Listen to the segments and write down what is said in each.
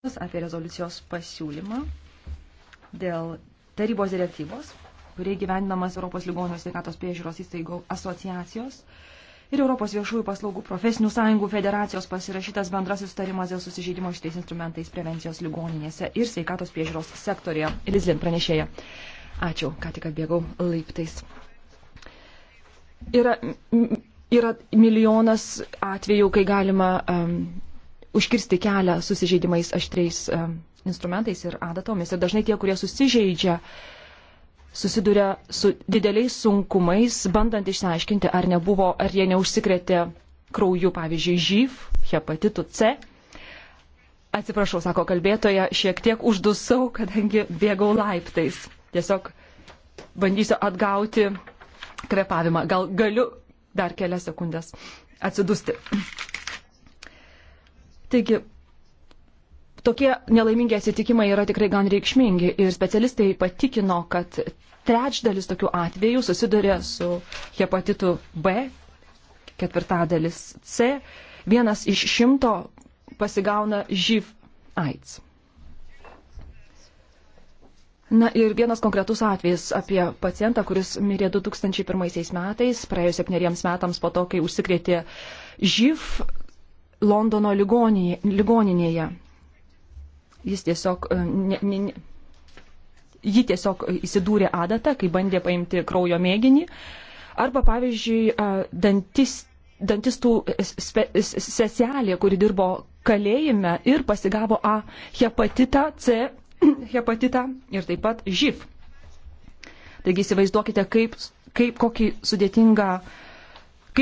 apie rezoliucijos pasiūlymą dėl tarybos direktyvos, kurie gyvendinamas Europos ligonių sveikatos priežiūros įstaigų asociacijos ir Europos viešųjų paslaugų profesinių sąjungų federacijos pasirašytas bendras sustarimas dėl susižeidimo šitais instrumentais prevencijos ligoninėse ir sveikatos priežiūros sektorėje. Elizlin pranešėja. Ačiū, ką tik atbėgau laiptais. Yra, yra milijonas atvejų, kai galima um, užkirsti kelią susižeidimais aštriais e, instrumentais ir adatomis. Ir dažnai tie, kurie susižeidžia, susiduria su dideliais sunkumais, bandant išsiaiškinti, ar, nebuvo, ar jie neužsikrėtė krauju, pavyzdžiui, žyv, hepatitu C. Atsiprašau, sako kalbėtoja, šiek tiek uždusau, kadangi bėgau laiptais. Tiesiog bandysiu atgauti krepavimą. Gal galiu dar kelias sekundės atsidusti. Taigi, tokie nelaimingi atsitikimai yra tikrai gan reikšmingi ir specialistai patikino, kad trečdalis tokių atvejų susiduria su hepatitu B, ketvirtadalis C, vienas iš šimto pasigauna živ AIDS. Na ir vienas konkretus atvejis apie pacientą, kuris mirė 2001 metais, praėjus septyneriems metams po to, kai užsikrėtė živ, Londono ligoninėje. Jis tiesiog, e, ne, ne, ne, ji tiesiog įsidūrė adatą, kai bandė paimti kraujo mėginį. Arba, pavyzdžiui, e, dantis, dantistų seselė, kuri dirbo kalėjime ir pasigavo A hepatitą, C hepatitą ir taip pat živ. Taigi įsivaizduokite, kaip, kaip kokį sudėtingą uh,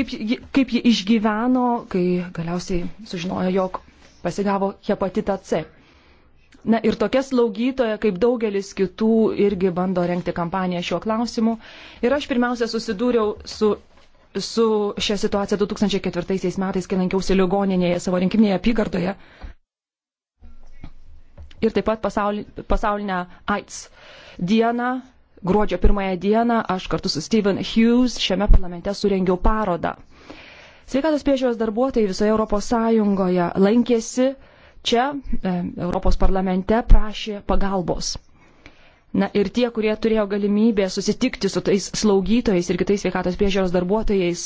kaip, kaip ji išgyveno, kai galiausiai sužinojo, jog pasigavo hepatitą C. Na ir tokia slaugytoja, kaip daugelis kitų, irgi bando renkti kampaniją šiuo klausimu. Ir aš pirmiausia susidūriau su, su šią situaciją 2004 metais, kai lankiausi ligoninėje savo rinkiminėje apygardoje. Ir taip pat pasaul, pasaulinę AIDS dieną Gruodžio pirmąją dieną aš kartu su Steven Hughes šiame parlamente surengiau parodą. Sveikatos priežiūros darbuotojai visoje ES lankėsi čia, e, Europos parlamente, prašė pagalbos. Na ir tie, kurie turėjo galimybę susitikti su tais slaugytojais ir kitais sveikatos priežiūros darbuotojais,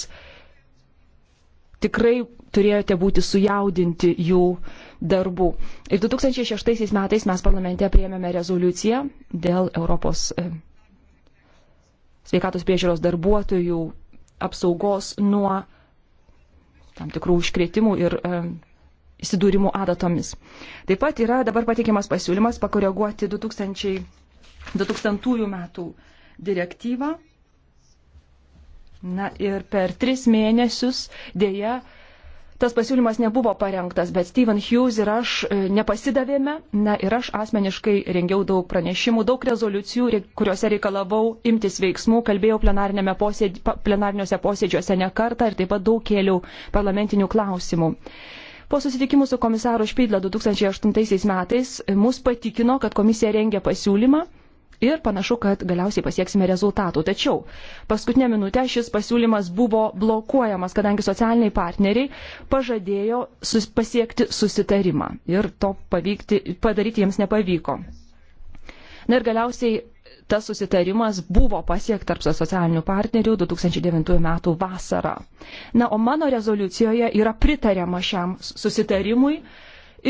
tikrai turėjote būti sujaudinti jų darbų. Ir 2006 metais mes parlamente prieėmėme rezoliuciją dėl Europos e, sveikatos priežiūros darbuotojų apsaugos nuo tam tikrų užkrėtimų ir e, įsidūrimų adatomis. Taip pat yra dabar patikimas pasiūlymas pakoreguoti 2000, 2000 metų direktyvą. Na ir per tris mėnesius dėja tas pasiūlymas nebuvo parengtas, bet Steven Hughes ir aš e, nepasidavėme. Na ir aš asmeniškai rengiau daug pranešimų, daug rezoliucijų, kuriuose reikalavau imtis veiksmų, kalbėjau posėdži, plenariniuose posėdžiuose ne kartą ir taip pat daug kėliau parlamentinių klausimų. Po susitikimų su komisaru Špydla 2008 metais e, mus patikino, kad komisija rengia pasiūlymą ir panašu, kad galiausiai pasieksime rezultatų. Tačiau paskutinę minutę šis pasiūlymas buvo blokuojamas, kadangi socialiniai partneriai pažadėjo sus pasiekti susitarimą ir to pavykti, padaryti jiems nepavyko. Na ir galiausiai tas susitarimas buvo pasiektas tarp socialinių partnerių 2009 m. vasarą. Na, o mano rezoliucijoje yra pritariama šiam susitarimui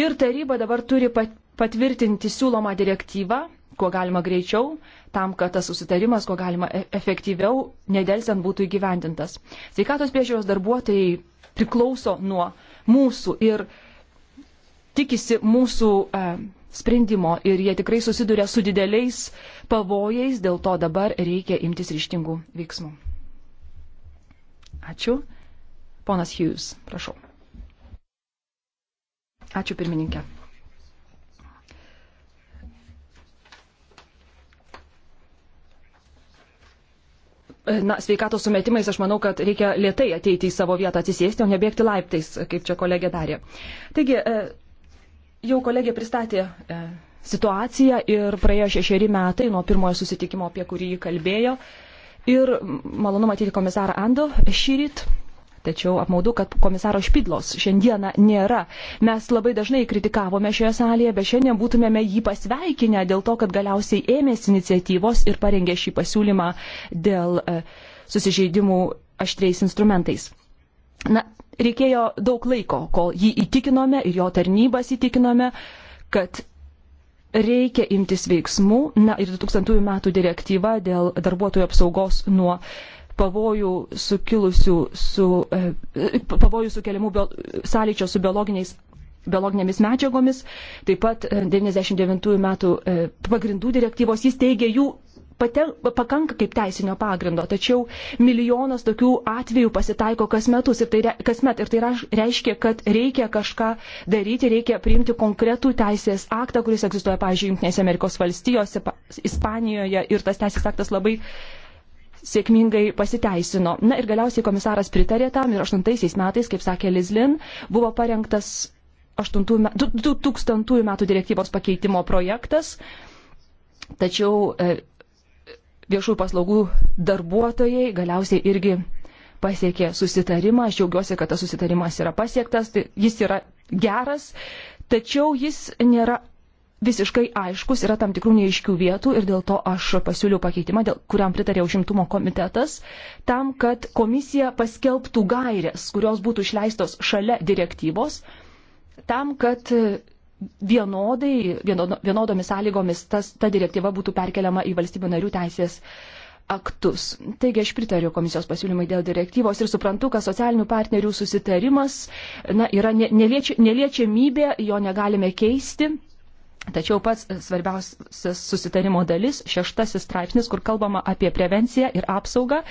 ir taryba dabar turi patvirtinti siūlomą direktyvą kuo galima greičiau, tam, kad tas susitarimas, kuo galima e- efektyviau, nedelsiant būtų įgyvendintas. Sveikatos priežiūros darbuotojai priklauso nuo mūsų ir tikisi mūsų e, sprendimo ir jie tikrai susiduria su dideliais pavojais, dėl to dabar reikia imtis ryštingų veiksmų. Ačiū. Ponas Hughes, prašau. Ačiū pirmininkė. na, sveikatos sumetimais, aš manau, kad reikia lietai ateiti į savo vietą atsisėsti, o nebėgti laiptais, kaip čia kolegė darė. Taigi, e, jau kolegė pristatė e, situaciją ir praėjo šešeri metai nuo pirmojo susitikimo, apie kurį jį kalbėjo. Ir malonu matyti komisarą Ando šyryt Tačiau apmaudu, kad komisaro Špidlos šiandieną nėra. Mes labai dažnai kritikavome šioje salėje, bet šiandien būtumėme jį pasveikinę dėl to, kad galiausiai ėmėsi iniciatyvos ir parengė šį pasiūlymą dėl e, susižeidimų aštriais instrumentais. Na, reikėjo daug laiko, kol jį įtikinome ir jo tarnybas įtikinome, kad reikia imtis veiksmų. Na ir 2000 metų direktyva dėl darbuotojų apsaugos nuo uh, pavojų sukilusių su, e, pavojų sukeliamų sąlyčio su biologiniais biologinėmis medžiagomis, taip pat 99 e, metų e, pagrindų direktyvos jis teigia jų pate, pakanka kaip teisinio pagrindo, tačiau milijonas tokių atvejų pasitaiko kas metus ir tai, re, kasmet, ir tai reiškia, kad reikia kažką daryti, reikia priimti konkretų teisės aktą, kuris egzistuoja, pavyzdžiui, Junktinėse Amerikos valstijose, Ispanijoje ir tas teisės aktas labai sėkmingai pasiteisino. Na ir galiausiai komisaras pritarė tam ir 8 metais, kaip sakė Lizlin, buvo parengtas 2000 metų direktyvos pakeitimo projektas, tačiau e, viešųjų paslaugų darbuotojai galiausiai irgi pasiekė susitarimą. Aš džiaugiuosi, kad tas susitarimas yra pasiektas, tai jis yra geras, tačiau jis nėra visiškai aiškus, yra tam tikrų neaiškių vietų ir dėl to aš pasiūliau pakeitimą, dėl, kuriam pritarė užimtumo komitetas, tam, kad komisija paskelbtų gairės, kurios būtų išleistos šalia direktyvos, tam, kad vienodai, vienodo, vienodomis sąlygomis tas, ta direktyva būtų perkeliama į valstybių narių teisės aktus. Taigi aš pritariu komisijos pasiūlymai dėl direktyvos ir suprantu, kad socialinių partnerių susitarimas na, yra neliečiamybė, jo negalime keisti Tačiau pats e, svarbiausias susitarimo dalis, šeštasis straipsnis, kur kalbama apie prevenciją ir apsaugą.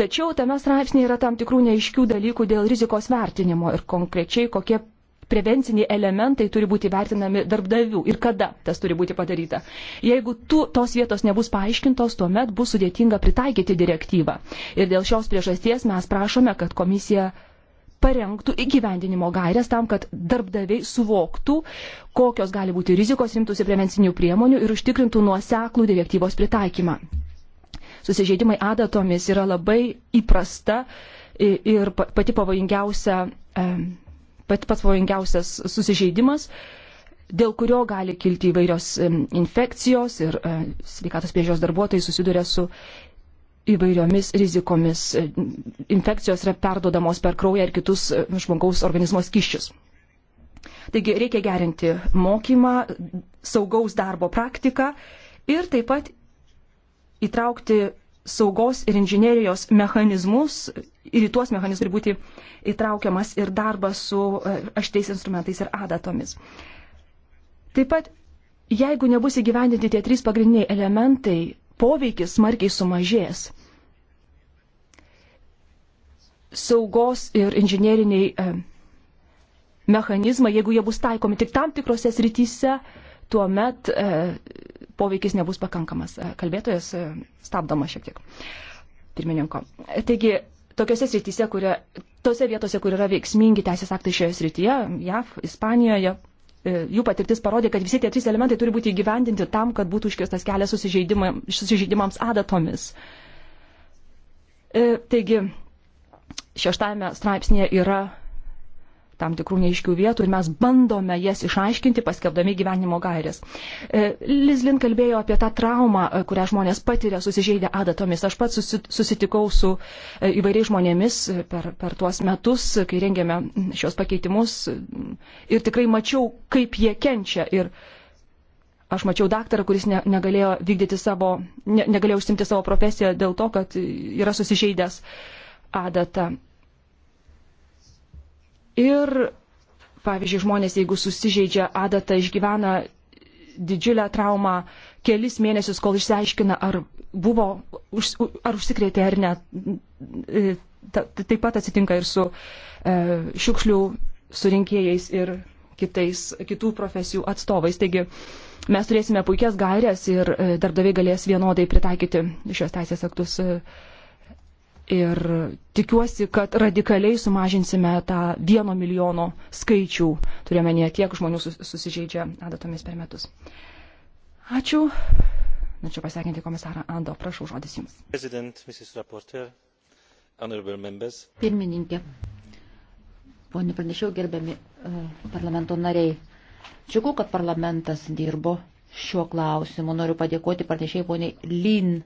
Tačiau tame straipsnėje yra tam tikrų neiškių dalykų dėl rizikos vertinimo ir konkrečiai kokie prevenciniai elementai turi būti vertinami darbdavių ir kada tas turi būti padaryta. Jeigu tu, tos vietos nebus paaiškintos, tuomet bus sudėtinga pritaikyti direktyvą. Ir dėl šios priežasties mes prašome, kad komisija parengtų įgyvendinimo gairias tam, kad darbdaviai suvoktų, kokios gali būti rizikos, imtųsi prevencinių priemonių ir užtikrintų nuoseklų direktyvos pritaikymą. Susižeidimai adatomis yra labai įprasta ir pati pavojingiausia, e, pat, pats pavojingiausias susižeidimas, dėl kurio gali kilti įvairios e, infekcijos ir e, sveikatos priežios darbuotojai susiduria su įvairiomis rizikomis. Infekcijos yra perdodamos per kraują ir kitus žmogaus organizmo skyščius. Taigi reikia gerinti mokymą, saugaus darbo praktiką ir taip pat įtraukti saugos ir inžinierijos mechanizmus ir į tuos mechanizmus turi būti įtraukiamas ir darbas su e, ašteis instrumentais ir adatomis. Taip pat, jeigu nebus įgyvendinti tie trys pagrindiniai elementai, poveikis smarkiai sumažės. Saugos ir inžinieriniai e, mechanizmai, jeigu jie bus taikomi tik tam tikrose srityse, tuomet e, poveikis nebus pakankamas. E, kalbėtojas stabdama šiek tiek pirmininko. Taigi, tokiose srityse, kuria, tose vietose, kur yra veiksmingi teisės aktai šioje srityje, JAV, Ispanijoje, E, jų patirtis parodė, kad visi tie trys elementai turi būti įgyvendinti tam, kad būtų užkirstas kelias susižeidimams adatomis. E, taigi, šeštame straipsnėje yra tam tikrų neiškių vietų ir mes bandome jas išaiškinti, paskelbdami gyvenimo gairės. E, Lizlin kalbėjo apie tą traumą, e, kurią žmonės patiria susižeidę adatomis. Aš pats susitikau su e, įvairiais žmonėmis per, per tuos metus, kai rengėme šios pakeitimus ir tikrai mačiau, kaip jie kenčia. Ir aš mačiau daktarą, kuris ne, negalėjo vykdyti savo, ne, negalėjo užsimti savo profesiją dėl to, kad yra susižeidęs adatą. Ir, pavyzdžiui, žmonės, jeigu susižeidžia adatą, išgyvena didžiulę traumą kelis mėnesius, kol išsiaiškina, ar buvo, ar užsikrėtė ar ne. E, taip pat atsitinka ir su e, šiukšlių surinkėjais ir kitais, kitų profesijų atstovais. Taigi mes turėsime puikias gairias ir e, darbdaviai galės vienodai pritaikyti šios teisės aktus Ir tikiuosi, kad radikaliai sumažinsime tą vieno milijono skaičių, turiuomenėje, kiek žmonių susižeidžia adatomis per metus. Ačiū. Norėčiau pasveikinti komisarą Ando. Prašau, žodis Jums. Pirmininkė, ponė pranešiau, gerbiami uh, parlamento nariai. Džiugu, kad parlamentas dirbo šiuo klausimu. Noriu padėkoti pranešėjai poniai Lin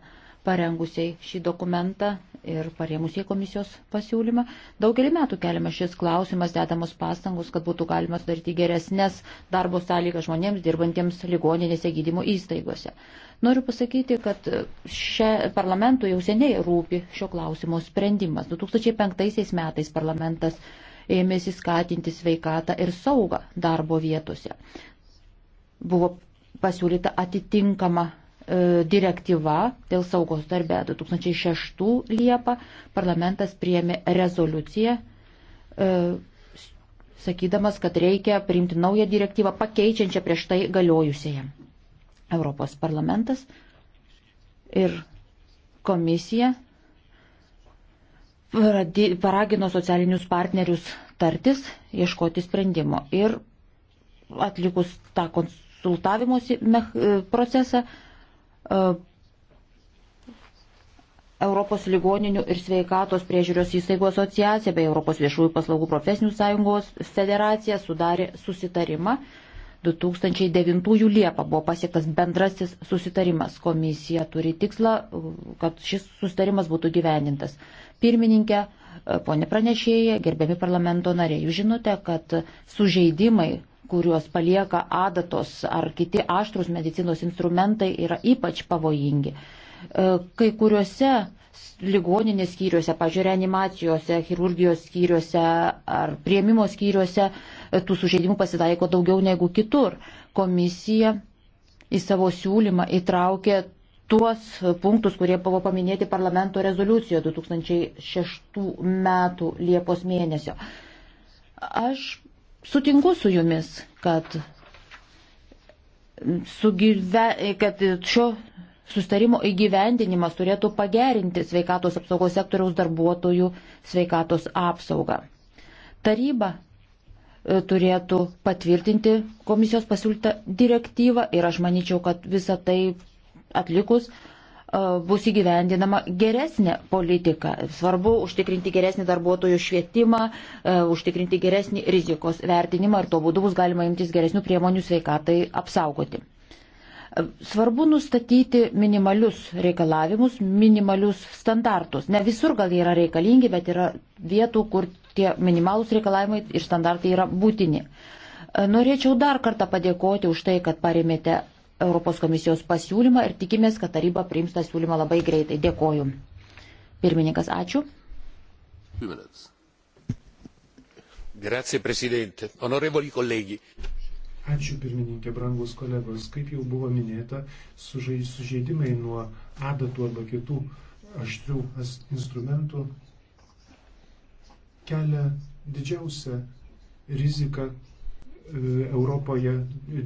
parengusiai šį dokumentą ir paremus į komisijos pasiūlymą. Daugelį metų keliamas šis klausimas, dedamos pastangos, kad būtų galima sudaryti geresnės darbo sąlygas žmonėms dirbantiems ligoninėse gydymo įstaigose. Noriu pasakyti, kad šia, parlamentui jau seniai rūpi šio klausimo sprendimas. 2005 metais parlamentas ėmėsi skatinti sveikatą ir saugą darbo vietose. Buvo pasiūlyta atitinkama E, direktyva dėl saugos darbę 2006 Liepą parlamentas priėmė rezoliuciją, e, sakydamas, kad reikia priimti naują direktyvą pakeičiančią prieš tai galiojusiąją. Europos parlamentas ir komisija paragino socialinius partnerius tartis, ieškoti sprendimo. Ir atlikus tą konsultavimosi e, procesą, E, Europos ligoninių ir sveikatos priežiūros įstaigų asociacija bei Europos viešųjų paslaugų profesinių sąjungos federacija sudarė susitarimą. 2009 Liepą buvo pasiektas bendrasis susitarimas. Komisija turi tikslą, e, kad šis susitarimas būtų gyvenintas. Pirmininkė, e, ponė pranešėja, gerbiami parlamento nariai, jūs žinote, kad sužeidimai kuriuos palieka adatos ar kiti aštrus medicinos instrumentai, yra ypač pavojingi. E, kai kuriuose ligoninės skyriuose, pažiūrėjau, reanimacijose, chirurgijos skyriuose ar prieimimo skyriuose e, tų sužeidimų pasitaiko daugiau negu kitur. Komisija į savo siūlymą įtraukė tuos punktus, kurie buvo paminėti parlamento rezoliucijoje 2006 metų Liepos mėnesio. Aš Sutinku su jumis, kad, sugyve, kad šio sustarimo įgyvendinimas turėtų pagerinti sveikatos apsaugos sektoriaus darbuotojų sveikatos apsaugą. Taryba e, turėtų patvirtinti komisijos pasiūlytą direktyvą ir aš manyčiau, kad visą tai atlikus bus įgyvendinama geresnė politika. Svarbu užtikrinti geresnį darbuotojų švietimą, užtikrinti geresnį rizikos vertinimą ir to būdu bus galima imtis geresnių priemonių sveikatai apsaugoti. Svarbu nustatyti minimalius reikalavimus, minimalius standartus. Ne visur gal jie yra reikalingi, bet yra vietų, kur tie minimalus reikalavimai ir standartai yra būtini. Norėčiau dar kartą padėkoti už tai, kad paremėte Europos komisijos pasiūlymą ir tikimės, kad taryba priims tą siūlymą labai greitai. Dėkoju. Pirmininkas, ačiū. Grazie, prezidente. Onorevoli kolegi. Ačiū pirmininkė, brangus kolegos. Kaip jau buvo minėta, sužeidimai nuo adatų arba kitų aštrių instrumentų kelia didžiausią riziką e, Europoje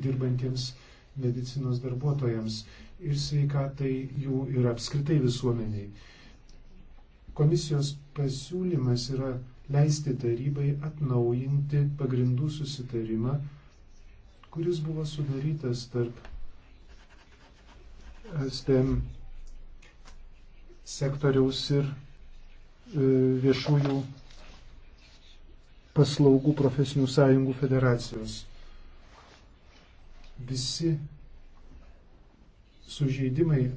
dirbantiems medicinos darbuotojams ir sveikatai jų ir apskritai visuomeniai. Komisijos pasiūlymas yra leisti tarybai atnaujinti pagrindų susitarimą, kuris buvo sudarytas tarp STEM sektoriaus ir e, viešųjų paslaugų profesinių sąjungų federacijos visi sužeidimai,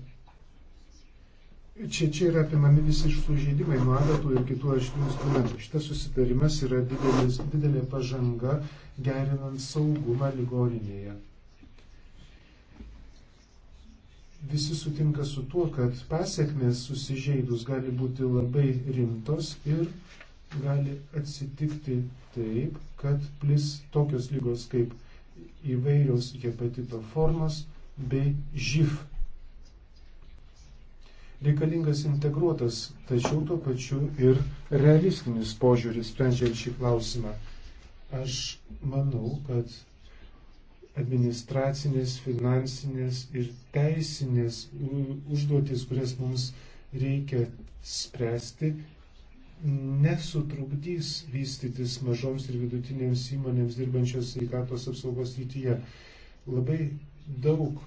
čia, čia yra apimami visi sužeidimai nuo adatų ir kitų aštrių instrumentų. Šitas susitarimas yra didelis, didelė pažanga gerinant saugumą ligoninėje. Visi sutinka su tuo, kad pasiekmes susižeidus gali būti labai rimtos ir gali atsitikti taip, kad plis tokios lygos kaip įvairios hepatito formos bei živ. Reikalingas integruotas, tačiau tuo pačiu ir realistinis požiūris sprendžiant šį klausimą. Aš manau, kad administracinės, finansinės ir teisinės užduotis, kurias mums reikia spręsti, nesutrukdys vystytis mažoms ir vidutinėms įmonėms dirbančios sveikatos apsaugos rytyje. Labai daug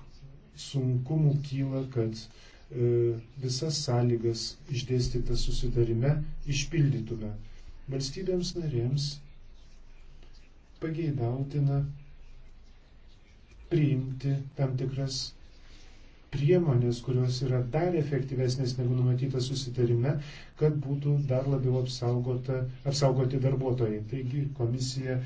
sunkumų kyla, kad e, visas sąlygas išdėstytas susidarime išpildytume. Valstybėms narėms pageidautina priimti tam tikras priemonės, kurios yra dar efektyvesnės negu numatyta susitarime, kad būtų dar labiau apsaugoti darbuotojai. Taigi komisija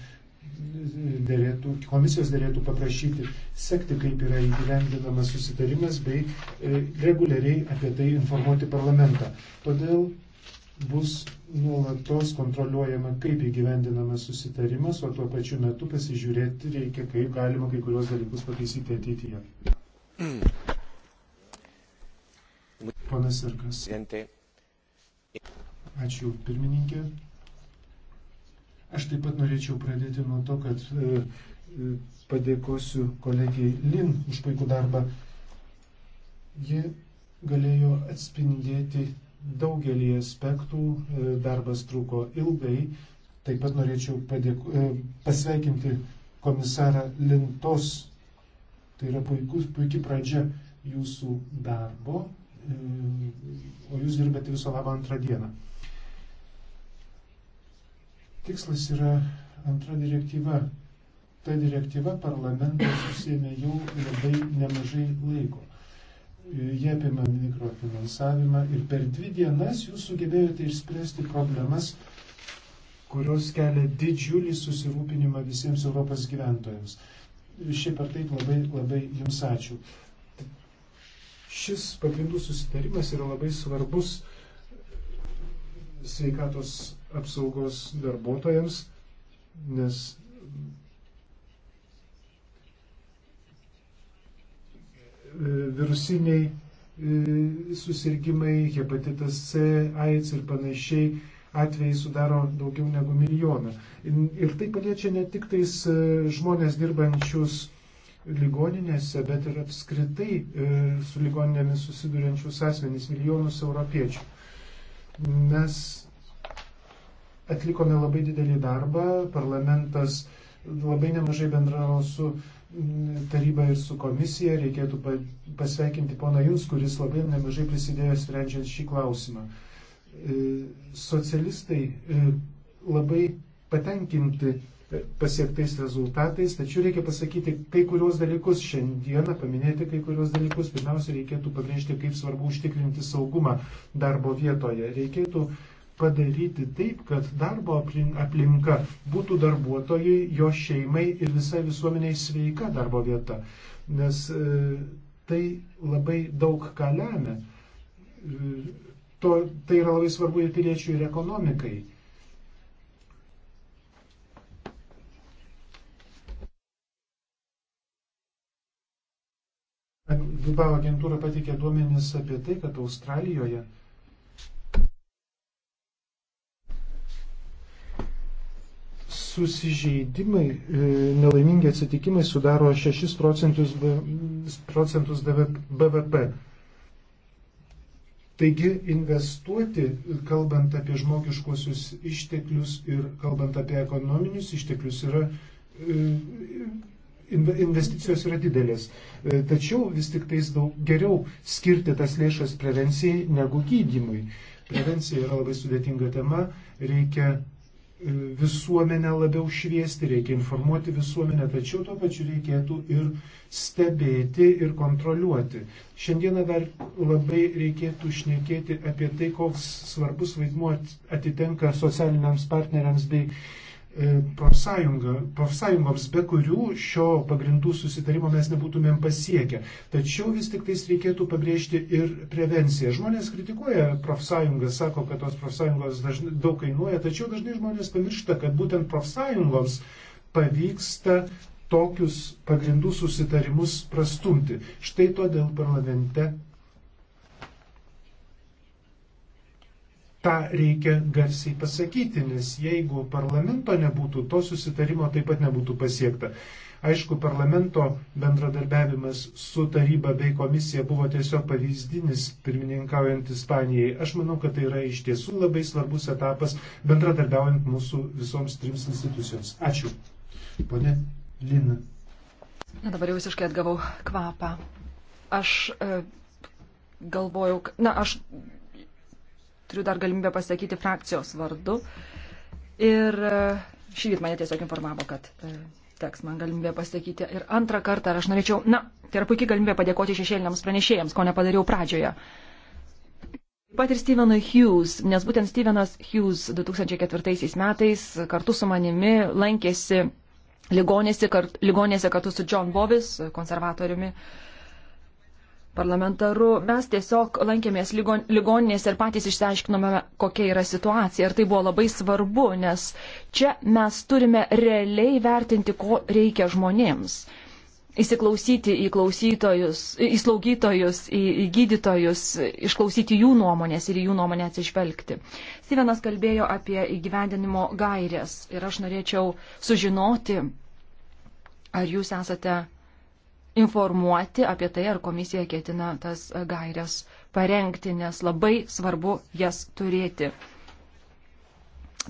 dėlėtų, komisijos dėlėtų paprašyti sekti, kaip yra įgyvendinamas susitarimas bei e, reguliariai apie tai informuoti parlamentą. Todėl bus nuolatos kontroliuojama, kaip įgyvendinamas susitarimas, o tuo pačiu metu pasižiūrėti reikia, kaip galima kai kurios dalykus pataisyti ateityje. Hmm. Ponas Irkas. Ačiū, pirmininkė. Aš taip pat norėčiau pradėti nuo to, kad e, e, padėkosiu kolegijai Lin už puikų darbą. Ji galėjo atspindėti daugelį aspektų, e, darbas truko ilgai. Taip pat norėčiau padėku, pasveikinti komisarą Lintos. Tai yra puikus, puikia pradžia jūsų darbo o jūs dirbate viso labo antrą dieną. Tikslas yra antra direktyva. Ta direktyva parlamentas susėmė jau labai nemažai laiko. Jie apima mikrofinansavimą ir per dvi dienas jūs sugebėjote išspręsti problemas, kurios kelia didžiulį susirūpinimą visiems Europos gyventojams. Šiaip ar taip labai, labai jums ačiū. Šis pagrindų susitarimas yra labai svarbus sveikatos apsaugos darbuotojams, nes virusiniai e, susirgymai, hepatitas C, AIDS ir panašiai atvejai sudaro daugiau negu milijoną. Ir tai paliečia ne tik tais e, žmonės dirbančius ligoninėse, bet ir apskritai e, su ligoninėmis susiduriančius asmenys, milijonus europiečių. Mes atlikome labai didelį darbą, parlamentas labai nemažai bendravo su mm, taryba ir su komisija, reikėtų pasveikinti poną Jums, kuris labai nemažai prisidėjo sprendžiant šį klausimą. E, socialistai e, labai patenkinti pasiektais rezultatais, tačiau reikia pasakyti kai kurios dalykus šiandieną, paminėti kai kurios dalykus. Pirmiausia, reikėtų pabrėžti, kaip svarbu užtikrinti saugumą darbo vietoje. Reikėtų padaryti taip, kad darbo aplinka būtų darbuotojui, jo šeimai ir visai visuomeniai sveika darbo vieta. Nes e, tai labai daug ką lemia. E, to, tai yra labai svarbu ir piliečių, ir ekonomikai. E, Bilbao agentūra patikė duomenis apie tai, kad Australijoje susižeidimai, e, nelaimingi atsitikimai sudaro 6 procentus, procentus BVP. Taigi investuoti, kalbant apie žmogiškuosius išteklius ir kalbant apie ekonominius išteklius, yra e, investicijos yra didelės. E, tačiau vis tik tais daug geriau skirti tas lėšas prevencijai negu gydymui. Prevencija yra labai sudėtinga tema, reikia e, visuomenę labiau šviesti, reikia informuoti visuomenę, tačiau tuo pačiu reikėtų ir stebėti ir kontroliuoti. Šiandieną dar labai reikėtų šnekėti apie tai, koks svarbus vaidmuo atitenka socialiniams partneriams bei E, profsąjungoms, be kurių šio pagrindų susitarimo mes nebūtumėm pasiekę. Tačiau vis tik tais reikėtų pabrėžti ir prevenciją. Žmonės kritikuoja profsąjungas, sako, kad tos profsąjungos dažnai, daug kainuoja, tačiau dažnai žmonės pamiršta, kad būtent profsąjungoms pavyksta tokius pagrindų susitarimus prastumti. Štai todėl parlamente tą reikia garsiai pasakyti, nes jeigu parlamento nebūtų, to susitarimo taip pat nebūtų pasiekta. Aišku, parlamento bendradarbiavimas su taryba bei komisija buvo tiesiog pavyzdinis pirmininkaujant Ispanijai. Aš manau, kad tai yra iš tiesų labai svarbus etapas bendradarbiaujant mūsų visoms trims institucijoms. Ačiū. Pone Lina. Na dabar jau visiškai atgavau kvapą. Aš e, galvojau, na aš turiu dar galimybę pasakyti frakcijos vardu. Ir e, šį rytą mane tiesiog informavo, kad e, teks man galimybę pasakyti ir antrą kartą. Ar aš norėčiau, na, tai yra puikiai galimybė padėkoti šešėliniams pranešėjams, ko nepadariau pradžioje. Taip pat ir Stevenui Hughes, nes būtent Stevenas Hughes 2004 metais kartu su manimi lankėsi ligonėse, kart, ligonėse kartu su John Bovis, konservatoriumi. Uh, parlamentaru, mes tiesiog lankėmės ligon, ligoninėse ir patys išsiaiškinome, kokia yra situacija. Ir tai buvo labai svarbu, nes čia mes turime realiai vertinti, ko reikia žmonėms. Įsiklausyti į klausytojus, į slaugytojus, į, į gydytojus, išklausyti jų nuomonės ir jų nuomonę atsižvelgti. Stevenas kalbėjo apie įgyvendinimo gairias ir aš norėčiau sužinoti, ar jūs esate informuoti apie tai, ar komisija ketina tas gairias parengti, nes labai svarbu jas turėti.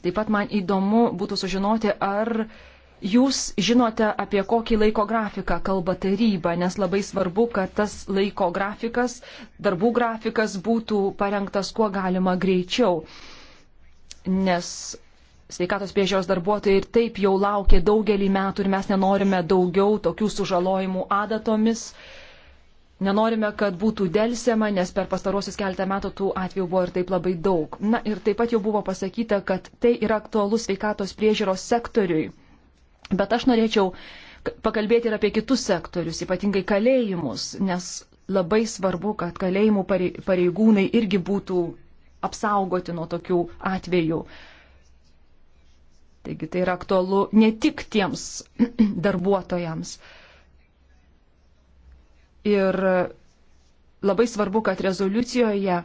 Taip pat man įdomu būtų sužinoti, ar jūs žinote, apie kokį laiko grafiką kalba taryba, nes labai svarbu, kad tas laiko grafikas, darbų grafikas būtų parengtas kuo galima greičiau, nes sveikatos priežiūros darbuotojai ir taip jau laukia daugelį metų ir mes nenorime daugiau tokių sužalojimų adatomis. Nenorime, kad būtų dėlsiama, nes per pastarosius keletą metų tų atvejų buvo ir taip labai daug. Na ir taip pat jau buvo pasakyta, kad tai yra aktualus sveikatos priežiūros sektoriui. Bet aš norėčiau pakalbėti ir apie kitus sektorius, ypatingai kalėjimus, nes labai svarbu, kad kalėjimų pareigūnai irgi būtų apsaugoti nuo tokių atvejų. Taigi tai yra aktualu ne tik tiems darbuotojams. Ir labai svarbu, kad rezoliucijoje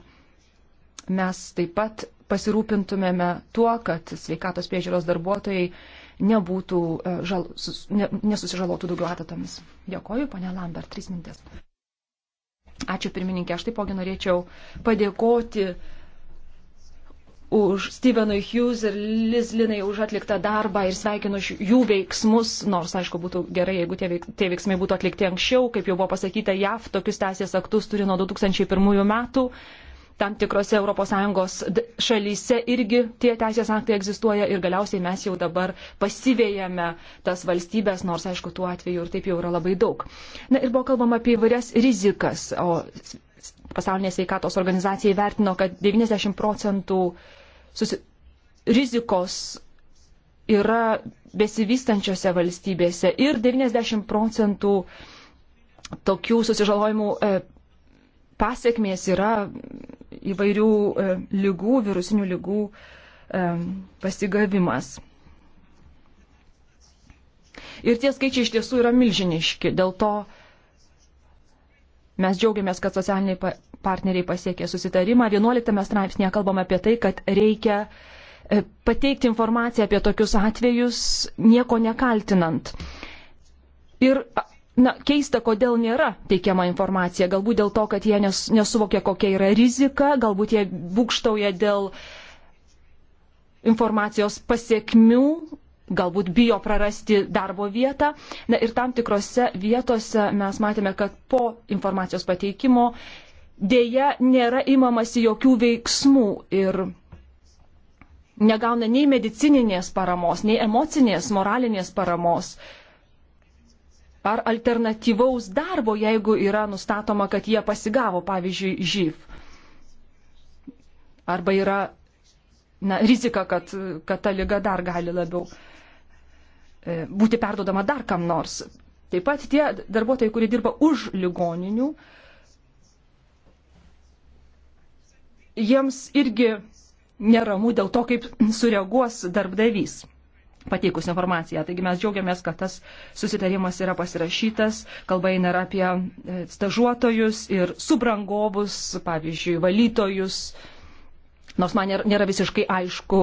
mes taip pat pasirūpintumėme tuo, kad sveikatos priežiūros darbuotojai nebūtų, e, žal, sus, ne, nesusižalotų daugiau atatomis. Dėkoju, ponė Lambert, trys mintės. Ačiū pirmininkė, aš taipogi norėčiau padėkoti už Stevenui Hughes ir Lizlinai už atliktą darbą ir sveikinu jų veiksmus, nors, aišku, būtų gerai, jeigu tie, veik, tie veiksmai būtų atlikti anksčiau, kaip jau buvo pasakyta, JAV tokius teisės aktus turi nuo 2001 metų, tam tikrose ES šalyse irgi tie teisės aktai egzistuoja ir galiausiai mes jau dabar pasivėjame tas valstybės, nors, aišku, tuo atveju ir taip jau yra labai daug. Na ir buvo kalbama apie įvairias rizikas, o Pasaulinė sveikatos organizacija įvertino, kad 90 procentų susi... rizikos yra besivystančiose valstybėse ir 90 procentų tokių susižalojimų e, pasiekmės yra įvairių e, lygų, virusinių lygų e, pasigavimas. Ir tie skaičiai iš tiesų yra milžiniški, dėl to Mes džiaugiamės, kad socialiniai partneriai pasiekė susitarimą. 11 straipsnėje kalbame apie tai, kad reikia e, pateikti informaciją apie tokius atvejus, nieko nekaltinant. Ir na, keista, kodėl nėra teikiama informacija. Galbūt dėl to, kad jie nes, nesuvokia, kokia yra rizika, galbūt jie būkštauja dėl informacijos pasiekmių galbūt bijo prarasti darbo vietą. Na ir tam tikrose vietose mes matėme, kad po informacijos pateikimo dėja nėra imamasi jokių veiksmų ir negauna nei medicininės paramos, nei emocinės, moralinės paramos ar alternatyvaus darbo, jeigu yra nustatoma, kad jie pasigavo, pavyzdžiui, žyv. Arba yra na, rizika, kad, kad ta lyga dar gali labiau E, būti perdodama dar kam nors. Taip pat tie darbuotojai, kurie dirba už ligoninių, jiems irgi neramu dėl to, kaip sureaguos darbdavys pateikus informaciją. Taigi mes džiaugiamės, kad tas susitarimas yra pasirašytas, kalba eina ir apie e, stažuotojus ir subrangovus, pavyzdžiui, valytojus, nors man nėra visiškai aišku,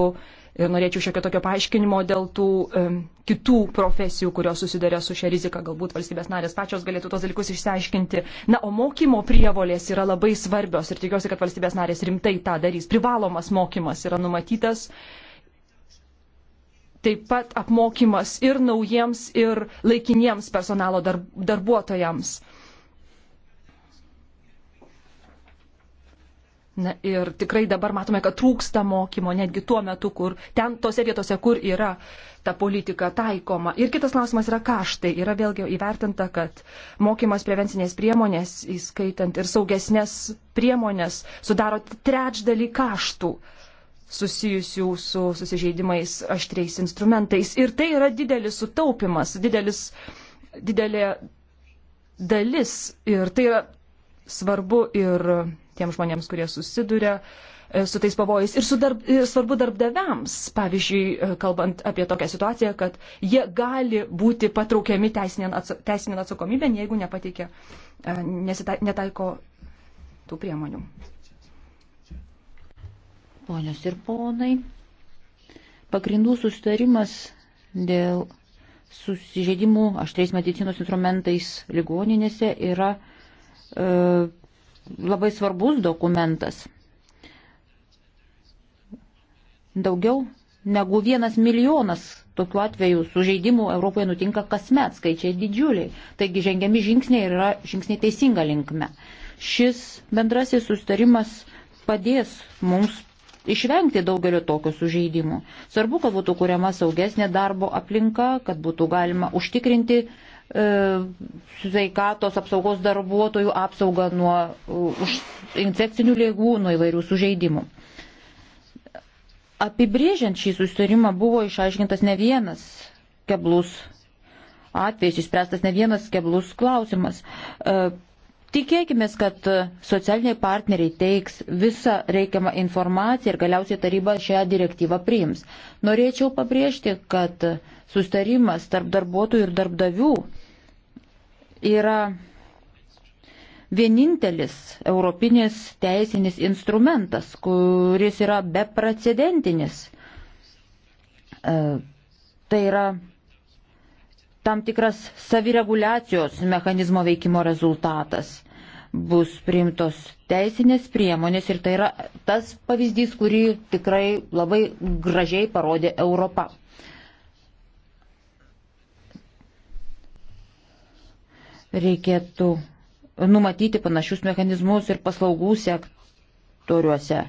Ir norėčiau šiek tiek tokio paaiškinimo dėl tų um, kitų profesijų, kurios susiduria su šia rizika. Galbūt valstybės narės pačios galėtų tos dalykus išsiaiškinti. Na, o mokymo prievolės yra labai svarbios ir tikiuosi, kad valstybės narės rimtai tą darys. Privalomas mokymas yra numatytas. Taip pat apmokymas ir naujiems, ir laikiniems personalo darb darbuotojams. Uh, Na ir tikrai dabar matome, kad trūksta mokymo netgi tuo metu, kur ten tose vietose, kur yra ta politika taikoma. Ir kitas klausimas yra kaštai. Yra vėlgi įvertinta, kad mokymas prevencinės priemonės, įskaitant ir saugesnės priemonės, sudaro trečdalį kaštų susijusių su susižeidimais aštriais instrumentais. Ir tai yra didelis sutaupimas, didelis, didelė dalis. Ir tai yra svarbu ir tiem žmonėms, kurie susiduria e, su tais pavojais ir, darb, ir e, svarbu darbdaviams, pavyzdžiui, e, kalbant apie tokią situaciją, kad jie gali būti patraukiami teisinėn atsakomybėn, jeigu nepateikia, nesita, netaiko tų priemonių. Ponios ir ponai, pagrindų sustarimas dėl susižeidimų aštriais medicinos instrumentais ligoninėse yra e, labai svarbus dokumentas. Daugiau negu vienas milijonas tokių atvejų sužeidimų Europoje nutinka kasmet, skaičiai didžiuliai. Taigi žengiami žingsniai yra žingsniai teisinga linkme. Šis bendrasis sustarimas padės mums išvengti daugelio tokių sužeidimų. Svarbu, kad būtų kuriama saugesnė darbo aplinka, kad būtų galima užtikrinti E, sveikatos apsaugos darbuotojų apsaugą nuo e, infekcinių lygų, nuo įvairių sužeidimų. Apibrėžiant šį susitarimą buvo išaiškintas ne vienas keblus atvejis, išspręstas ne vienas keblus klausimas. E, tikėkime, kad socialiniai partneriai teiks visą reikiamą informaciją ir galiausiai taryba šią direktyvą priims. Norėčiau pabrėžti, kad sustarimas tarp darbuotojų ir darbdavių yra vienintelis europinis teisinis instrumentas, kuris yra beprecedentinis. E, tai yra tam tikras savireguliacijos mechanizmo veikimo rezultatas. Bus priimtos teisinės priemonės ir tai yra tas pavyzdys, kurį tikrai labai gražiai parodė Europa. reikėtų numatyti panašius mechanizmus ir paslaugų sektoriuose.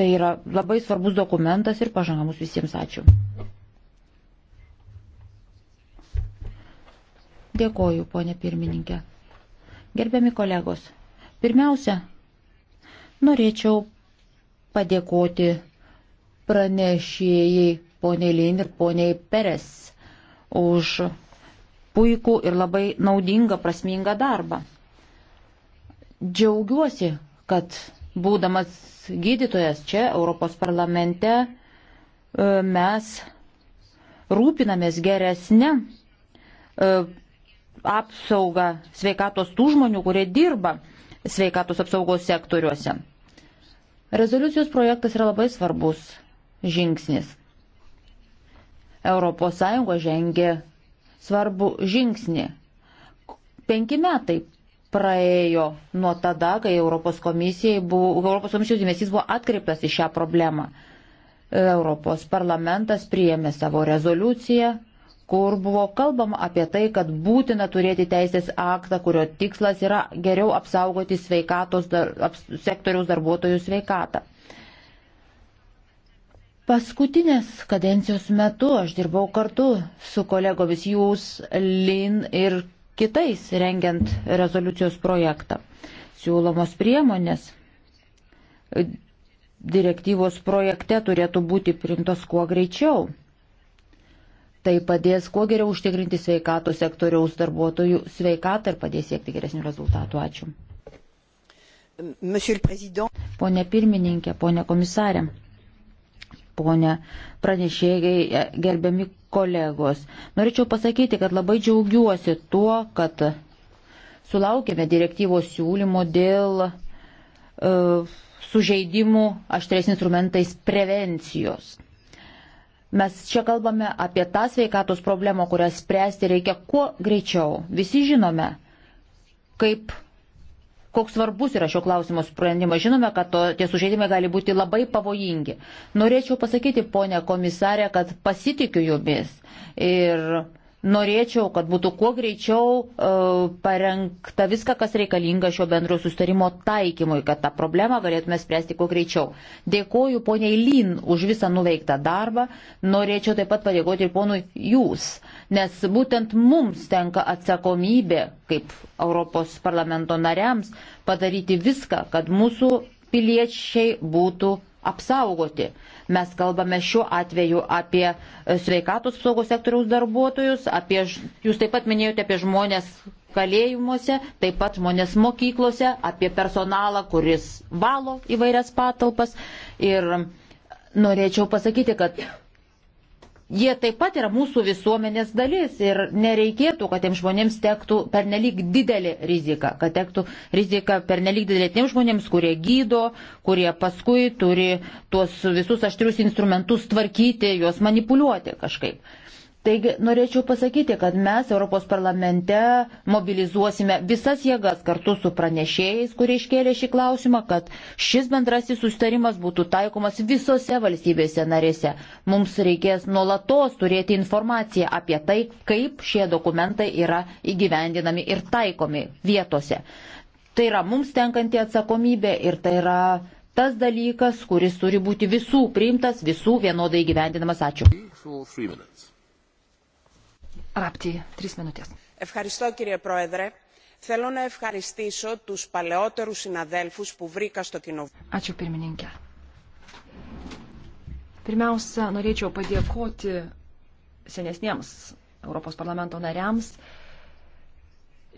Tai yra labai svarbus dokumentas ir pažangamus visiems ačiū. Dėkoju, ponė pirmininkė. Gerbiami kolegos, pirmiausia, norėčiau padėkoti pranešėjai poniai Lin ir poniai Peres už puikų ir labai naudingą, prasmingą darbą. Džiaugiuosi, kad būdamas gydytojas čia Europos parlamente e, mes rūpinamės geresnę e, apsaugą sveikatos tų žmonių, kurie dirba sveikatos apsaugos sektoriuose. Rezoliucijos projektas yra labai svarbus žingsnis. ES žengė svarbu žingsnį. Penki metai praėjo nuo tada, kai Europos, buvo, Europos komisijos dėmesys buvo atkreiptas į šią problemą. Europos parlamentas priėmė savo rezoliuciją, kur buvo kalbama apie tai, kad būtina turėti teisės aktą, kurio tikslas yra geriau apsaugoti sveikatos dar, aps, sektoriaus darbuotojų sveikatą. Paskutinės kadencijos metu aš dirbau kartu su kolegomis jūs, Lin ir kitais rengiant rezoliucijos projektą. Siūlomos priemonės direktyvos projekte turėtų būti primtos kuo greičiau. Tai padės kuo geriau užtikrinti sveikato sektoriaus darbuotojų sveikatą ir padės siekti geresnių rezultatų. Ačiū. Pone pirmininkė, pone komisarė ponė pranešėjai, e, gerbiami kolegos. Norėčiau pasakyti, kad labai džiaugiuosi tuo, kad sulaukėme direktyvos siūlymo dėl e, sužeidimų aštriais instrumentais prevencijos. Mes čia kalbame apie tą sveikatos problemą, kurią spręsti reikia kuo greičiau. Visi žinome, kaip koks svarbus yra šio klausimo sprendimas. Žinome, kad to, tie sužeidimai gali būti labai pavojingi. Norėčiau pasakyti, ponė komisarė, kad pasitikiu jumis ir norėčiau, kad būtų kuo greičiau uh, parengta viską, kas reikalinga šio bendro sustarimo taikymui, kad tą problemą galėtume spręsti kuo greičiau. Dėkoju poniai Lin už visą nuveiktą darbą, norėčiau taip pat padėkoti ir ponui Jūs, nes būtent mums tenka atsakomybė, kaip Europos parlamento nariams, padaryti viską, kad mūsų piliečiai būtų apsaugoti. Mes kalbame šiuo atveju apie e, sveikatos apsaugos sektoriaus darbuotojus, apie, jūs taip pat minėjote apie žmonės kalėjimuose, taip pat žmonės mokyklose, apie personalą, kuris valo įvairias patalpas. Ir norėčiau pasakyti, kad jie taip pat yra mūsų visuomenės dalis ir nereikėtų, kad tiem žmonėms tektų pernelyg didelė rizika, kad tektų rizika pernelyg didelė tiem žmonėms, kurie gydo, kurie paskui turi tuos visus aštrius instrumentus tvarkyti, juos manipuliuoti kažkaip. Taigi norėčiau pasakyti, kad mes Europos parlamente mobilizuosime visas jėgas kartu su pranešėjais, kurie iškėlė šį klausimą, kad šis bendrasis sustarimas būtų taikomas visose valstybėse narėse. Mums reikės nuolatos turėti informaciją apie tai, kaip šie dokumentai yra įgyvendinami ir taikomi vietose. Tai yra mums tenkanti atsakomybė ir tai yra tas dalykas, kuris turi būti visų priimtas, visų vienodai gyvendinamas. Ačiū. Rapti, trys minutės. Ευχαριστώ κύριε Πρόεδρε. Θέλω να ευχαριστήσω τους παλαιότερους συναδέλφους που βρήκα στο κοινοβούλιο. Ačiū pirmininkė. Pirmiausia, norėčiau padėkoti senesniems Europos parlamento nariams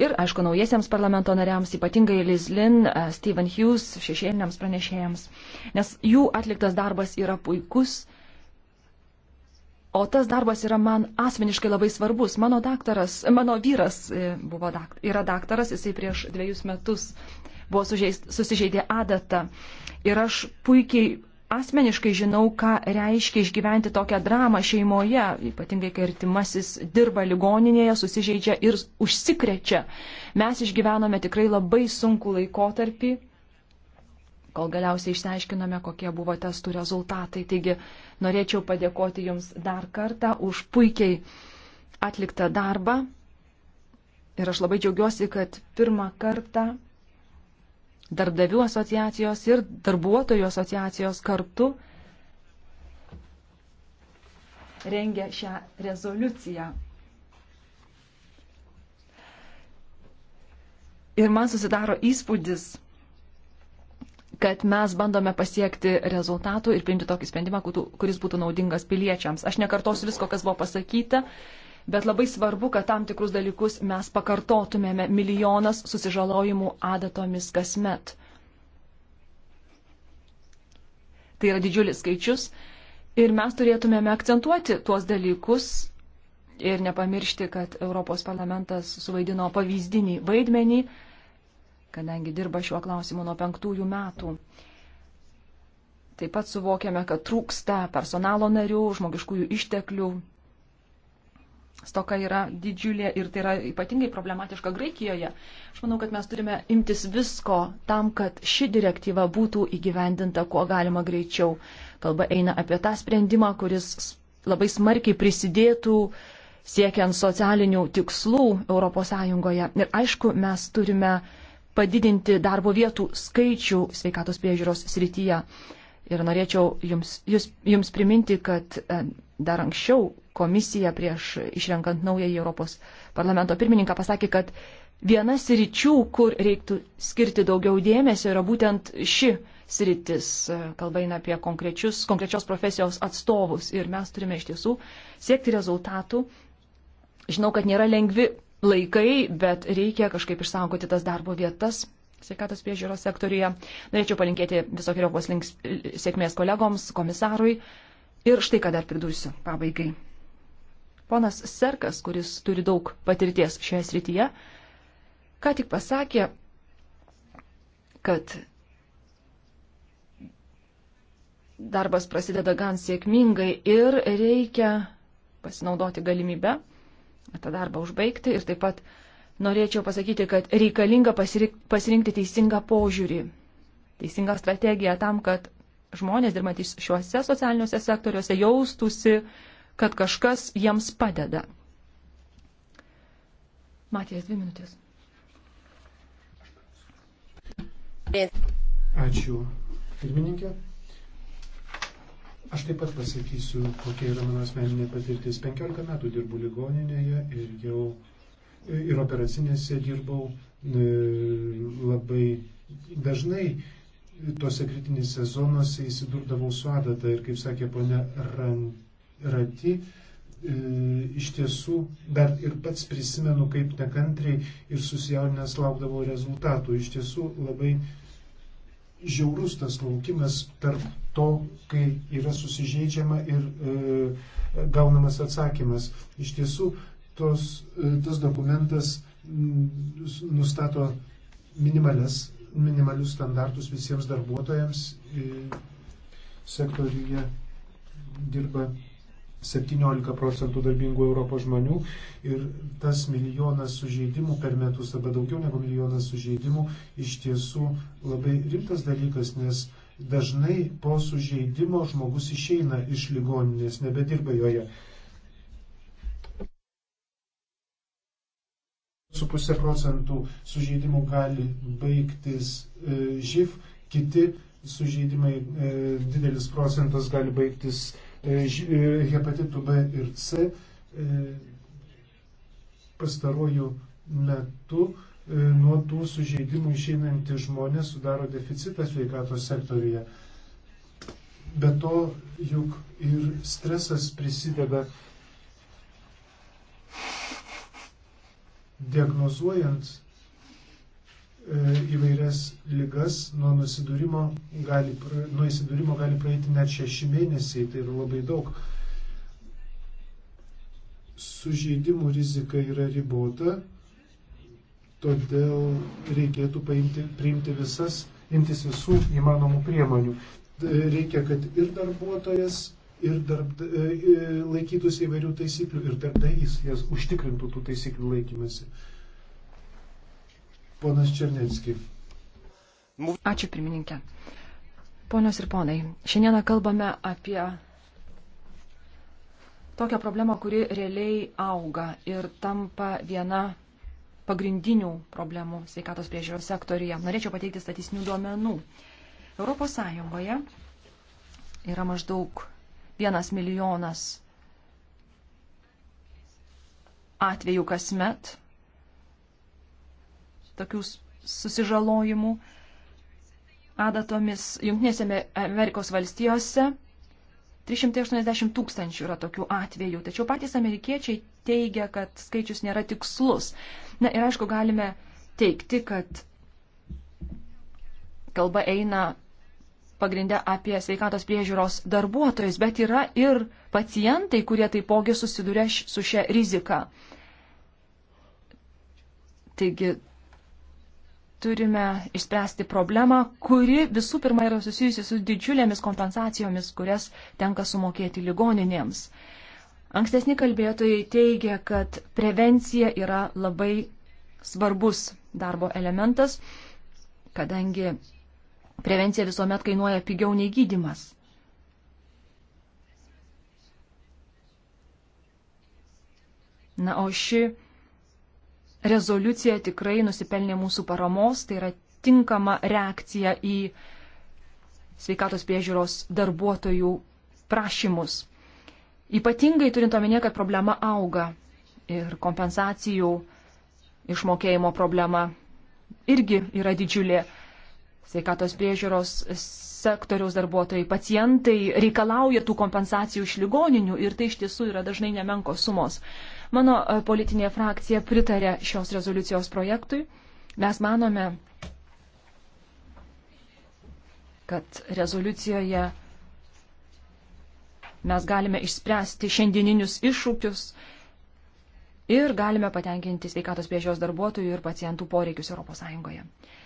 ir, aišku, naujiesiems parlamento nariams, ypatingai Liz Lin, Stephen Hughes, šešėliniams pranešėjams, nes jų atliktas darbas yra puikus O tas darbas yra man asmeniškai labai svarbus. Mano, daktaras, mano vyras e, buvo dakt, yra daktaras, jisai prieš dviejus metus buvo sužeist, susižeidė adatą. Ir aš puikiai asmeniškai žinau, ką reiškia išgyventi tokią dramą šeimoje, ypatingai kai artimasis dirba ligoninėje, susižeidžia ir užsikrečia. Mes išgyvenome tikrai labai sunku laikotarpį kol galiausiai išsiaiškinome, kokie buvo testų rezultatai. Taigi norėčiau padėkoti Jums dar kartą už puikiai atliktą darbą. Ir aš labai džiaugiuosi, kad pirmą kartą darbdavių asociacijos ir darbuotojų asociacijos kartu rengia šią rezoliuciją. Ir man susidaro įspūdis, kad mes bandome pasiekti rezultatų ir priimti tokį sprendimą, kuris būtų naudingas piliečiams. Aš nekartosiu visko, kas buvo pasakyta, bet labai svarbu, kad tam tikrus dalykus mes pakartotumėme milijonas susižalojimų adatomis kasmet. Tai yra didžiulis skaičius ir mes turėtumėme akcentuoti tuos dalykus ir nepamiršti, kad Europos parlamentas suvaidino pavyzdinį vaidmenį kadangi dirba šiuo klausimu nuo penktųjų metų. Taip pat suvokiame, kad trūksta personalo narių, žmogiškųjų išteklių. Stoka yra didžiulė ir tai yra ypatingai problematiška Graikijoje. Aš manau, kad mes turime imtis visko tam, kad ši direktyva būtų įgyvendinta kuo galima greičiau. Kalba eina apie tą sprendimą, kuris labai smarkiai prisidėtų siekiant socialinių tikslų ES. Ir aišku, mes turime uh, padidinti darbo vietų skaičių sveikatos priežiūros srityje. Ir norėčiau jums, jūs, jums priminti, kad e, dar anksčiau komisija prieš išrenkant naująjį Europos parlamento pirmininką pasakė, kad viena sričių, kur reiktų skirti daugiau dėmesio, yra būtent ši sritis. E, kalba eina apie konkrečios profesijos atstovus ir mes turime iš tiesų siekti rezultatų. Žinau, kad nėra lengvi laikai, bet reikia kažkaip išsaugoti tas darbo vietas sveikatos priežiūros sektoriuje. Norėčiau palinkėti visokiojopos sėkmės kolegoms, komisarui. Ir štai ką dar pridursiu pabaigai. Ponas Serkas, kuris turi daug patirties šioje srityje, ką tik pasakė, kad darbas prasideda gan sėkmingai ir reikia pasinaudoti galimybę tą darbą užbaigti ir taip pat norėčiau pasakyti, kad reikalinga pasirinkti teisingą požiūrį, teisingą strategiją tam, kad žmonės dirbantys šiuose socialiniuose sektoriuose jaustųsi, kad kažkas jiems padeda. Matijas, dvi minutės. Ačiū. Pirmininkė. Aš taip pat pasakysiu, kokia yra mano asmeninė patirtis. 15 metų dirbu ligoninėje ir jau ir operacinėse dirbau e, labai dažnai tose kritinėse zonose įsidurdavau su adata ir, kaip sakė ponia Rati, e, iš tiesų dar ir pats prisimenu, kaip nekantriai ir susijaudinęs laukdavau rezultatų. Iš tiesų labai žiaurus tas laukimas tarp to, kai yra susižeidžiama ir e, gaunamas atsakymas. Iš tiesų, tos, e, tas dokumentas nustato minimalius standartus visiems darbuotojams e, sektoriuje dirba 17 procentų darbingų Europos žmonių ir tas milijonas sužeidimų per metus arba daugiau negu milijonas sužeidimų iš tiesų labai rimtas dalykas, nes dažnai po sužeidimo žmogus išeina iš ligoninės, nebedirba joje. Su pusė procentų sužeidimų gali baigtis e, živ, kiti sužeidimai e, didelis procentas gali baigtis E, e, hepatitų B ir C e, pastarojų metu nuo tų sužeidimų išeinantys žmonės sudaro deficitą sveikatos sektoriuje. Be to juk ir stresas prisideda diagnozuojant E, įvairias lygas nuo nusidūrimo gali, nuo įsidūrimo gali praeiti net šeši mėnesiai, tai yra labai daug. Sužeidimų rizika yra ribota, todėl reikėtų paimti, priimti visas, imtis visų įmanomų priemonių. E, reikia, kad ir darbuotojas, ir darbda, e, laikytųsi įvairių taisyklių, ir darbdavys jas užtikrintų tų taisyklių laikymasi. Ponas Černiecki. Ačiū pirmininkė. Ponios ir ponai, šiandieną kalbame apie tokią problemą, kuri realiai auga ir tampa viena pagrindinių problemų sveikatos priežiūros sektorija. Norėčiau pateikti statistinių duomenų. Europos Sąjungoje yra maždaug vienas milijonas atvejų kasmet tokių susižalojimų adatomis Junktinėse Amerikos valstijose. 380 tūkstančių yra tokių atvejų, tačiau patys amerikiečiai teigia, kad skaičius nėra tikslus. Na ir aišku, galime teikti, kad kalba eina pagrindę apie sveikatos priežiūros darbuotojus, bet yra ir pacientai, kurie taipogi susiduria su šia rizika. Taigi turime išspręsti problemą, kuri visų pirma yra susijusi su didžiulėmis kompensacijomis, kurias tenka sumokėti ligoninėms. Ankstesni kalbėtojai teigia, kad prevencija yra labai svarbus darbo elementas, kadangi prevencija visuomet kainuoja pigiau nei gydimas. Na, o ši rezoliucija tikrai nusipelnė mūsų paramos, tai yra tinkama reakcija į sveikatos priežiūros darbuotojų prašymus. Ypatingai turint omenyje, kad problema auga ir kompensacijų išmokėjimo problema irgi yra didžiulė. Sveikatos priežiūros sektoriaus darbuotojai, pacientai reikalauja tų kompensacijų iš ligoninių ir tai iš tiesų yra dažnai nemenkos sumos. Mano e, politinė frakcija pritarė šios rezoliucijos projektui. Mes manome, kad rezoliucijoje mes galime išspręsti šiandieninius iššūkius ir galime patenkinti sveikatos priežiūros darbuotojų ir pacientų poreikius ES.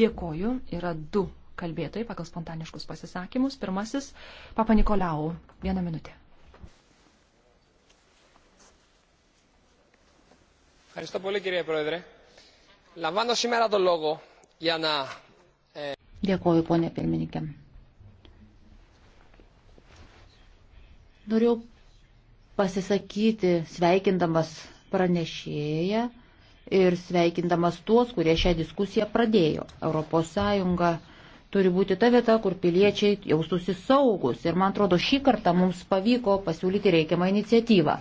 Dėkoju, yra du kalbėtojai pagal spontaniškus pasisakymus. Pirmasis - Papa Nikolau. Vieną minutę. Κύριε Πρόεδρε. Λαμβάνω σήμερα το λόγο για να... Dėkoju, ponė pirmininkė. Noriu pasisakyti sveikindamas pranešėją ir sveikindamas tuos, kurie šią diskusiją pradėjo. ES turi būti ta vieta, kur piliečiai jaustųsi saugus. Ir man atrodo, šį kartą mums pavyko pasiūlyti reikiamą iniciatyvą.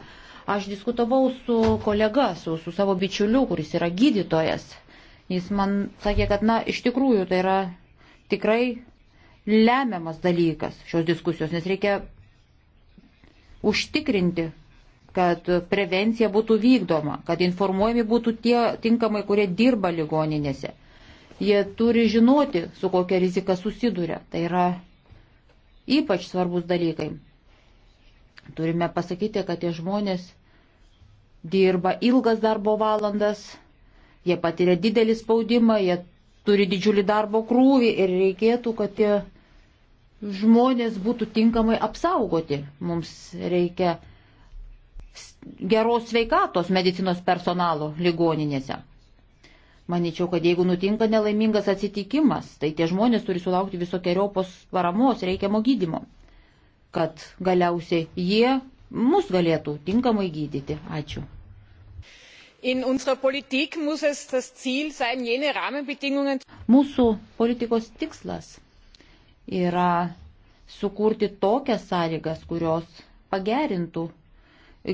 Aš diskutavau su kolega, su, su savo bičiuliu, kuris yra gydytojas. Jis man sakė, kad, na, iš tikrųjų tai yra tikrai lemiamas dalykas šios diskusijos, nes reikia užtikrinti, kad prevencija būtų vykdoma, kad informuojami būtų tie tinkamai, kurie dirba ligoninėse. Jie turi žinoti, su kokia rizika susiduria. Tai yra ypač svarbus dalykai. Turime pasakyti, kad tie žmonės dirba ilgas darbo valandas, jie patiria didelį spaudimą, jie turi didžiulį darbo krūvį ir reikėtų, kad tie žmonės būtų tinkamai apsaugoti. Mums reikia geros sveikatos medicinos personalo ligoninėse. Maničiau, kad jeigu nutinka nelaimingas atsitikimas, tai tie žmonės turi sulaukti visokiojopos paramos reikiamo gydimo, kad galiausiai jie mus galėtų tinkamai gydyti. Ačiū. In unserer Politik muss es das Ziel sein, jene Rahmenbedingungen. Mūsų politikos tikslas yra sukurti tokias sąlygas, kurios pagerintų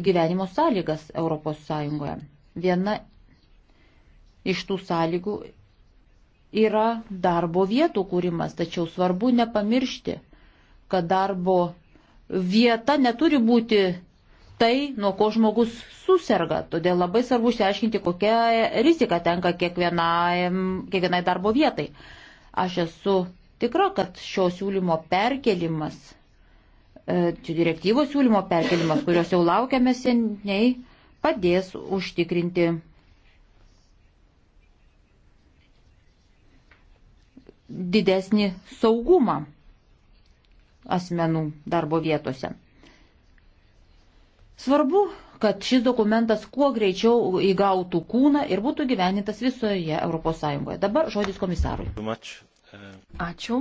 gyvenimo sąlygas ES. Viena iš tų sąlygų yra darbo vietų kūrimas, tačiau svarbu nepamiršti, kad darbo vieta neturi būti tai, nuo ko žmogus susirga. Todėl labai svarbu išsiaiškinti, kokia rizika tenka kiekvienai, kiekvienai darbo vietai. Aš esu tikra, kad šio siūlymo perkelimas, e, čia direktyvos siūlymo perkelimas, kurios jau laukiame seniai, padės užtikrinti didesnį saugumą asmenų darbo vietose. Svarbu, kad šis dokumentas kuo greičiau įgautų kūną ir būtų gyvenintas visoje ES. Dabar žodis komisarui. Ačiū.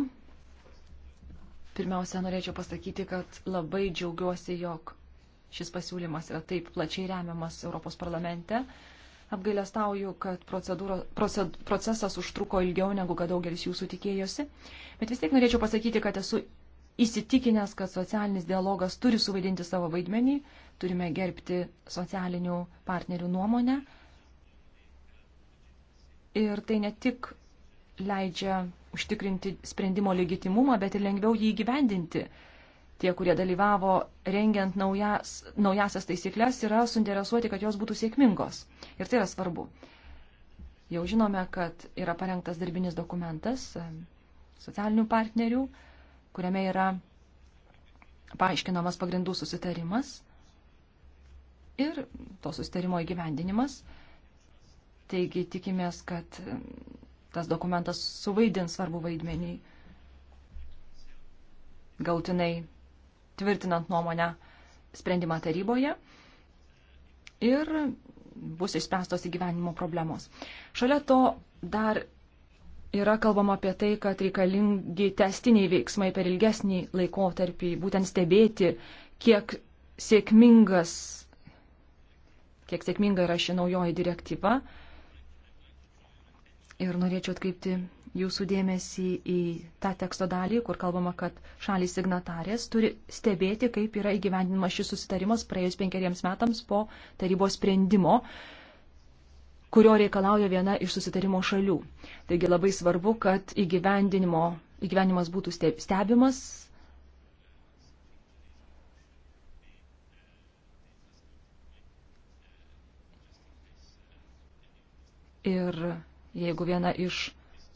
Pirmiausia, norėčiau pasakyti, kad labai džiaugiuosi, jog šis pasiūlymas yra taip plačiai remiamas Europos parlamente. Apgailestauju, kad proced, procesas užtruko ilgiau negu kad daugelis jūsų tikėjosi, bet vis tiek norėčiau pasakyti, kad esu įsitikinęs, kad socialinis dialogas turi suvaidinti savo vaidmenį, turime gerbti socialinių partnerių nuomonę. Ir tai ne tik leidžia užtikrinti sprendimo legitimumą, bet ir lengviau jį įgyvendinti. Tie, kurie dalyvavo rengiant naujas, naujasias taisyklės, yra suinteresuoti, kad jos būtų sėkmingos. Ir tai yra svarbu. Jau žinome, kad yra parengtas darbinis dokumentas socialinių partnerių kuriame yra paaiškinamas pagrindų susitarimas ir to susitarimo įgyvendinimas. Taigi tikimės, kad tas dokumentas suvaidins svarbu vaidmenį gautinai tvirtinant nuomonę sprendimą taryboje ir bus išspręstos įgyvenimo problemos. Šalia to dar yra kalbama apie tai, kad reikalingi testiniai veiksmai per ilgesnį laikotarpį, būtent stebėti, kiek sėkmingas, kiek sėkminga yra ši naujoji direktyva. Ir norėčiau atkreipti jūsų dėmesį į tą teksto dalį, kur kalbama, kad šalys signatarės turi stebėti, kaip yra įgyvendinamas šis susitarimas praėjus penkeriems metams po tarybos sprendimo. Uh, kurio reikalauja viena iš susitarimo šalių. Taigi labai svarbu, kad įgyvendinimas būtų stebimas. Ir jeigu viena iš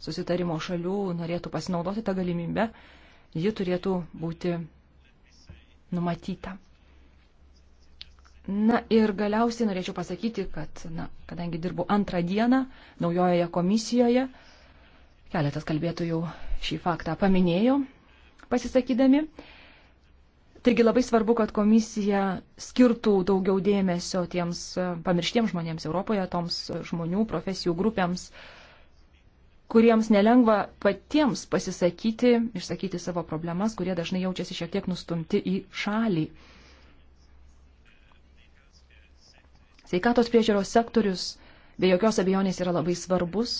susitarimo šalių norėtų pasinaudoti tą galimybę, ji turėtų būti numatyta. Na ir galiausiai norėčiau pasakyti, kad, na, kadangi dirbu antrą dieną naujojoje komisijoje, keletas kalbėtojų šį faktą paminėjo pasisakydami. Taigi labai svarbu, kad komisija skirtų daugiau dėmesio tiems pamirštiems žmonėms Europoje, toms žmonių profesijų grupėms, kuriems nelengva patiems pasisakyti, išsakyti savo problemas, kurie dažnai jaučiasi šiek tiek nustumti į šalį. Sveikatos priežiūros sektorius be jokios abejonės yra labai svarbus.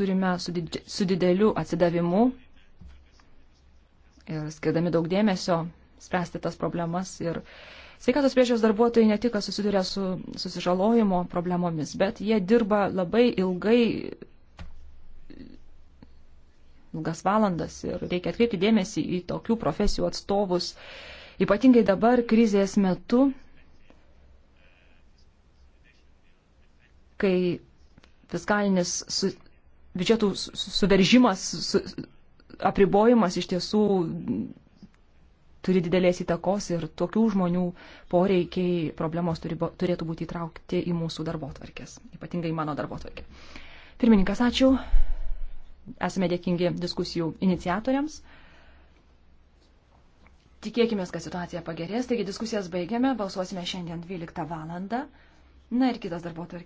Turime su, didž... su dideliu atsidavimu ir skirdami daug dėmesio spręsti tas problemas. Ir sveikatos priežiūros darbuotojai ne tik susiduria su susižalojimo problemomis, bet jie dirba labai ilgai, ilgas valandas ir reikia atkreipti dėmesį į tokių profesijų atstovus. Uh, Ypatingai dabar krizės metu, kai fiskalinis su, biudžetų suveržimas, su, apribojimas iš tiesų turi didelės įtakos ir tokių žmonių poreikiai, problemos turi, turėtų būti įtraukti į mūsų darbo tvarkės, ypatingai į mano darbo tvarkę. Pirmininkas, ačiū. Esame dėkingi diskusijų iniciatoriams. Tikėkime, kad situacija pagerės. Taigi diskusijas baigiame, balsuosime šiandien 12 valandą. Na ir kitas darbo tvarkė.